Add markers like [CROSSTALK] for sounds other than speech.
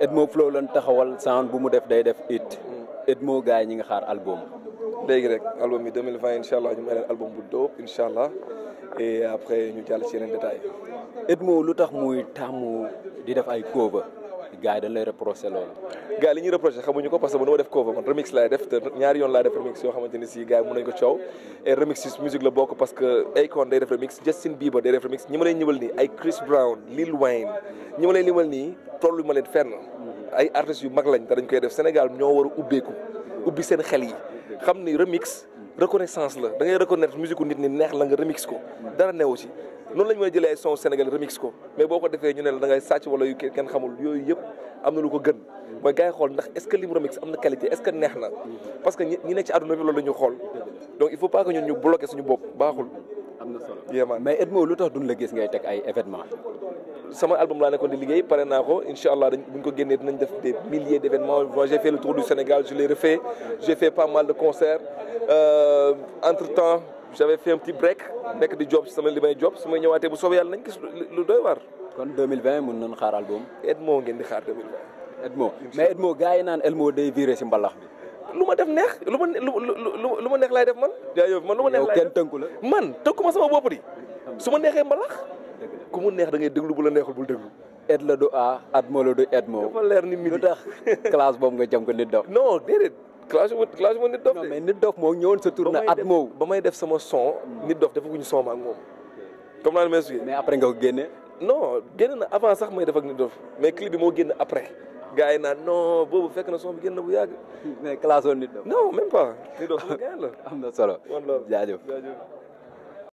Edmo Flow la taxawal sound bu mu def day def it Edmo gars yi ñi nga xaar album. léegi rek album bi 2020 incha allah ñu may leen album bu dope incha allah et après ñu jàll ci yeneen détails. Edmo lu tax muy tàmm di def ay cover gars yi dañ lay loolu. gars li ñuy reproché xamuñu ko parce que bu dama def cover man remix laay def te ñaari yoon laay def remix yoo xamante ni si gars yi mën ko coow. et remix ci la bokk parce que Akon day def remix Justin Bieber day def remix ñi ma lay ñëwal nii ñi ma leen limal nii lu ma leen fenn ay artistes yu mag lañ te dañ koy def Sénégal ñoo war ubbeeku ubbi seen xel yi xam ni remix reconnaissance la da ngay reconnaître musique nit ni neex la nga remix ko dara newu ci noonu lañ mën a jëlee ay son Sénégal remix ko mais boo ko defee ñu ne la da ngay sàcc wala yu kenn xamul yooyu yëpp am na lu ko gën mooy gars yi xool ndax est ce que Libro Mix am na qualité est ce que neex na parce que ñi ne ci àdduna bi loolu la ñu xool donc il faut pas que ñun ñu bloqué suñu bopp baaxul. mais Edmo lu tax duñ la gis ngay teg ay événement sama album laa nekkoon di liggéey pare naa ko incha allah dañ buñ ko génnee dinañ def des milliers d' événements fait le tour du Sénégal je l'ai refait j'ai fait pas mal de concerts euh, entre temps j'avais fait un petit break nekk di job sama li may job su may ñëwaatee bu soobee yàlla nañ gis lu doy waar kon 2020 mun nañu xaar album. Edmo ngeen di xaar mais Edmo gars yi naan Edmo day viré si mbalax lu ma def neex lu ma lu lu ma neex laay def man. jaajëf man lu ma neex laay def la. man tënku ma sama bopp di su ma neexee mbalax. ku mu neex da ngay déglu bu la neexul bul déglu. et la du a la du et moo. dafa ni mi lu tax classe boobu nga jëm ko nit dof. non déedéet classe wu classe wu nit dof de. sa tournée at ba may def sama son. nit dof dafa guñ son ma ak moom. comme naa ne mais après nga ko génne. non génn na avant sax mooy def ak nit dof mais clip bi moo génn après gars yi naan non boobu fekk na son bi génn bu yàgg. mais classe woon nit dof. non même pas. [LAUGHS] nit dof gars la am na solo. jaajëf jaajëf.